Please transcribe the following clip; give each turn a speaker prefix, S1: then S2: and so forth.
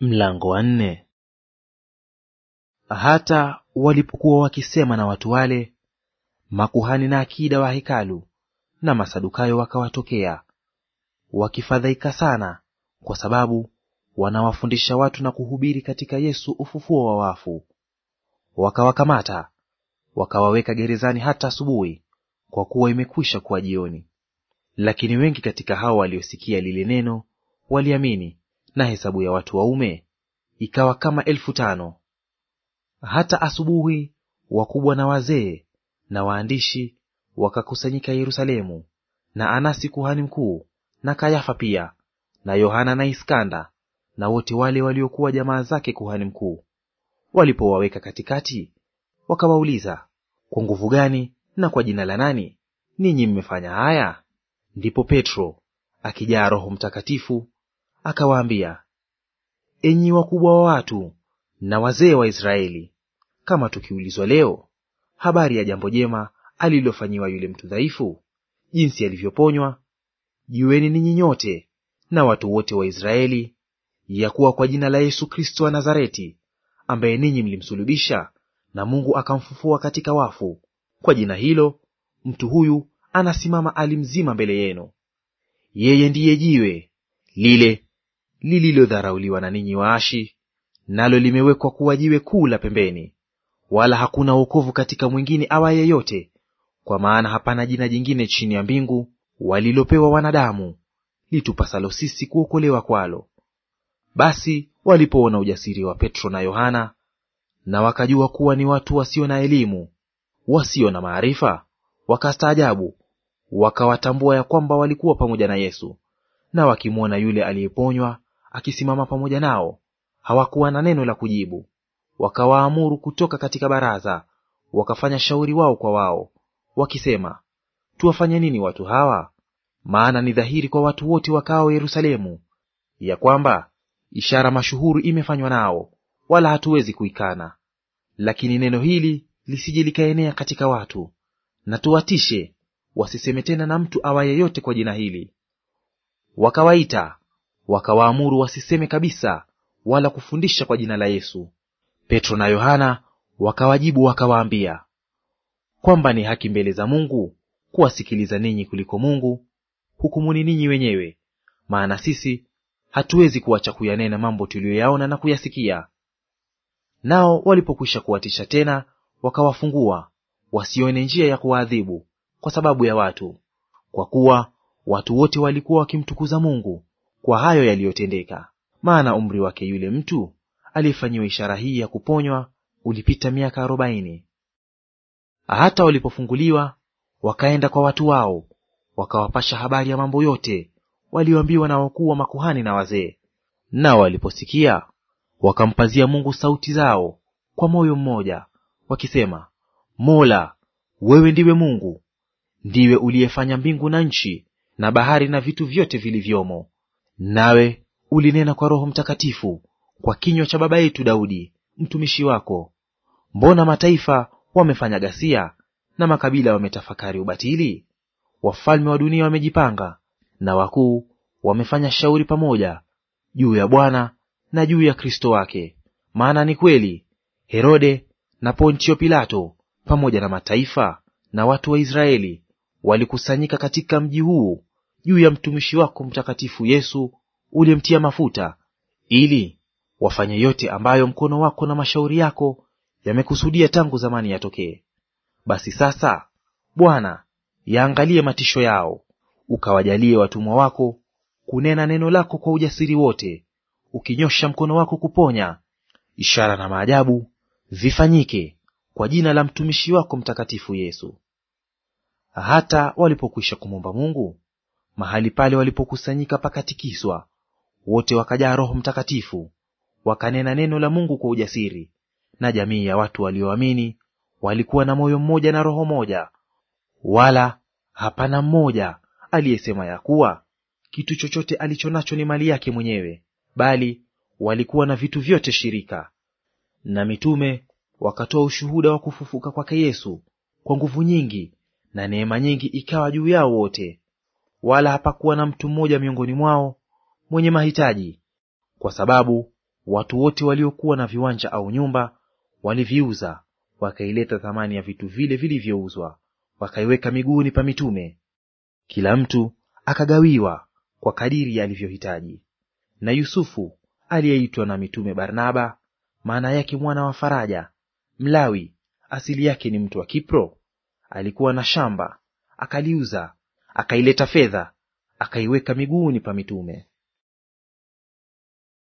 S1: Mlango wa nne. Hata walipokuwa wakisema na watu wale, makuhani na akida wa hekalu na Masadukayo wakawatokea, wakifadhaika sana, kwa sababu wanawafundisha watu na kuhubiri katika Yesu ufufuo wa wafu. Wakawakamata wakawaweka gerezani hata asubuhi, kwa kuwa imekwisha kuwa jioni. Lakini wengi katika hao waliosikia lile neno waliamini na hesabu ya watu waume ikawa kama elfu tano. Hata asubuhi wakubwa na wazee na waandishi wakakusanyika Yerusalemu, na Anasi kuhani mkuu na Kayafa pia na Yohana na Iskanda na wote wale waliokuwa jamaa zake kuhani mkuu. Walipowaweka katikati, wakawauliza, kwa nguvu gani na kwa jina la nani ninyi mmefanya haya? Ndipo Petro akijaa Roho Mtakatifu akawaambia, enyi wakubwa wa watu na wazee wa Israeli, kama tukiulizwa leo habari ya jambo jema alilofanyiwa yule mtu dhaifu, jinsi alivyoponywa, jiweni ninyi nyote na watu wote wa Israeli ya kuwa kwa jina la Yesu Kristo wa Nazareti, ambaye ninyi mlimsulubisha na Mungu akamfufua katika wafu, kwa jina hilo mtu huyu anasimama alimzima mbele yenu. Yeye ndiye jiwe lile lililodharauliwa na ninyi waashi, nalo limewekwa kuwa jiwe kuu la pembeni. Wala hakuna wokovu katika mwingine awa yeyote, kwa maana hapana jina jingine chini ya mbingu walilopewa wanadamu litupasalo sisi kuokolewa kwalo. Basi walipoona ujasiri wa Petro na Yohana, na wakajua kuwa ni watu wasio na elimu, wasio na maarifa, wakastaajabu, wakawatambua ya kwamba walikuwa pamoja na Yesu. Na wakimwona yule aliyeponywa akisimama pamoja nao, hawakuwa na neno la kujibu. Wakawaamuru kutoka katika baraza, wakafanya shauri wao kwa wao, wakisema, tuwafanye nini watu hawa? Maana ni dhahiri kwa watu wote wakao Yerusalemu ya kwamba ishara mashuhuru imefanywa nao, wala hatuwezi kuikana. Lakini neno hili lisije likaenea katika watu, na tuwatishe wasiseme tena na mtu awa yeyote kwa jina hili. Wakawaita wakawaamuru wasiseme kabisa wala kufundisha kwa jina la Yesu. Petro na Yohana wakawajibu wakawaambia, kwamba ni haki mbele za Mungu kuwasikiliza ninyi kuliko Mungu, hukumuni ninyi wenyewe. Maana sisi hatuwezi kuacha kuyanena mambo tuliyoyaona na kuyasikia. Nao walipokwisha kuwatisha tena, wakawafungua wasione njia ya kuwaadhibu kwa sababu ya watu, kwa kuwa watu wote walikuwa wakimtukuza Mungu kwa hayo yaliyotendeka. Maana umri wake yule mtu aliyefanyiwa ishara hii ya kuponywa ulipita miaka arobaini. Hata walipofunguliwa wakaenda kwa watu wao, wakawapasha habari ya mambo yote walioambiwa na wakuu wa makuhani na wazee. Nao waliposikia wakampazia Mungu sauti zao kwa moyo mmoja, wakisema, Mola, wewe ndiwe Mungu, ndiwe uliyefanya mbingu na nchi na bahari na vitu vyote vilivyomo, Nawe ulinena kwa Roho Mtakatifu kwa kinywa cha baba yetu Daudi mtumishi wako, mbona mataifa wamefanya ghasia na makabila wametafakari ubatili? Wafalme wa dunia wamejipanga na wakuu wamefanya shauri pamoja juu ya Bwana na juu ya Kristo wake. Maana ni kweli, Herode na Pontio Pilato pamoja na mataifa na watu wa Israeli walikusanyika katika mji huu juu ya mtumishi wako mtakatifu Yesu uliyemtia mafuta, ili wafanye yote ambayo mkono wako na mashauri yako yamekusudia tangu zamani yatokee. Basi sasa, Bwana, yaangalie matisho yao, ukawajalie watumwa wako kunena neno lako kwa ujasiri wote, ukinyosha mkono wako kuponya. Ishara na maajabu vifanyike kwa jina la mtumishi wako mtakatifu Yesu. Hata walipokwisha kumwomba Mungu, mahali pale walipokusanyika pakatikiswa, wote wakajaa Roho Mtakatifu, wakanena neno la Mungu kwa ujasiri. Na jamii ya watu walioamini walikuwa na moyo mmoja na roho moja, wala hapana mmoja aliyesema ya kuwa kitu chochote alicho nacho ni mali yake mwenyewe, bali walikuwa na vitu vyote shirika. Na mitume wakatoa ushuhuda wa kufufuka kwake Yesu kwa nguvu nyingi, na neema nyingi ikawa juu yao wote wala hapakuwa na mtu mmoja miongoni mwao mwenye mahitaji, kwa sababu watu wote waliokuwa na viwanja au nyumba waliviuza, wakaileta thamani ya vitu vile vilivyouzwa, wakaiweka miguuni pa mitume. Kila mtu akagawiwa kwa kadiri alivyohitaji. Na Yusufu aliyeitwa na mitume Barnaba, maana yake mwana wa faraja, Mlawi, asili yake ni mtu wa Kipro, alikuwa na shamba akaliuza akaileta fedha akaiweka miguuni pa mitume.